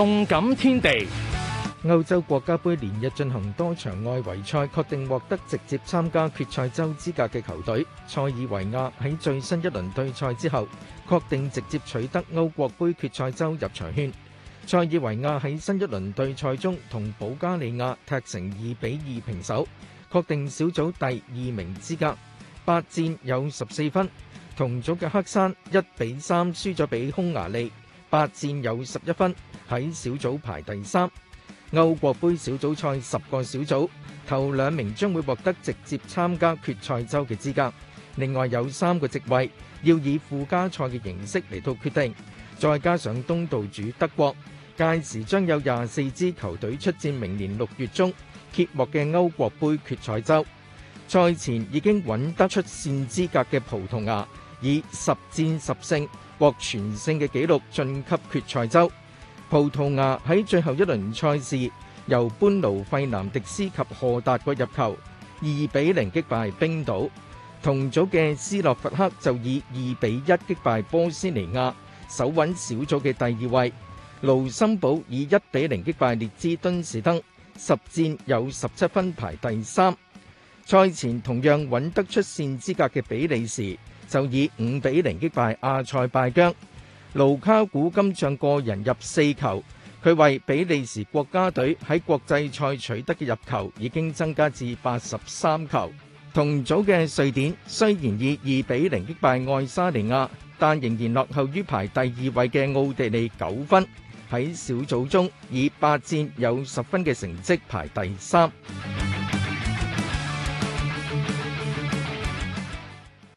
動感天地。歐洲國家盃連日進行多場外圍賽，確定獲得直接參加決賽周資格嘅球隊。塞爾維亞喺最新一輪對賽之後，確定直接取得歐國盃決賽周入場券。塞爾維亞喺新一輪對賽中同保加利亞踢成二比二平手，確定小組第二名資格。八戰有十四分，同組嘅黑山一比三輸咗畀匈牙利。八戰有十一分，喺小組排第三。歐國盃小組賽十個小組，頭兩名將會獲得直接參加決賽周嘅資格。另外有三個席位要以附加賽嘅形式嚟到決定。再加上東道主德國，屆時將有廿四支球隊出戰明年六月中揭幕嘅歐國盃決賽周。賽前已經揾得出線資格嘅葡萄牙，以十戰十勝獲全勝嘅紀錄晉級決賽周。葡萄牙喺最後一輪賽事由班奴費南迪斯及賀達國入球二比零擊敗冰島。同組嘅斯洛伐克就以二比一擊敗波斯尼亞，首穩小組嘅第二位。盧森堡以一比零擊敗列支敦士登，十戰有十七分排第三。賽前同樣穩得出線資格嘅比利時。就以五比零擊敗阿賽拜疆，盧卡古今將個人入四球，佢為比利時國家隊喺國際賽取得嘅入球已經增加至八十三球。同組嘅瑞典雖然以二比零擊敗愛沙尼亞，但仍然落後於排第二位嘅奧地利九分，喺小組中以八戰有十分嘅成績排第三。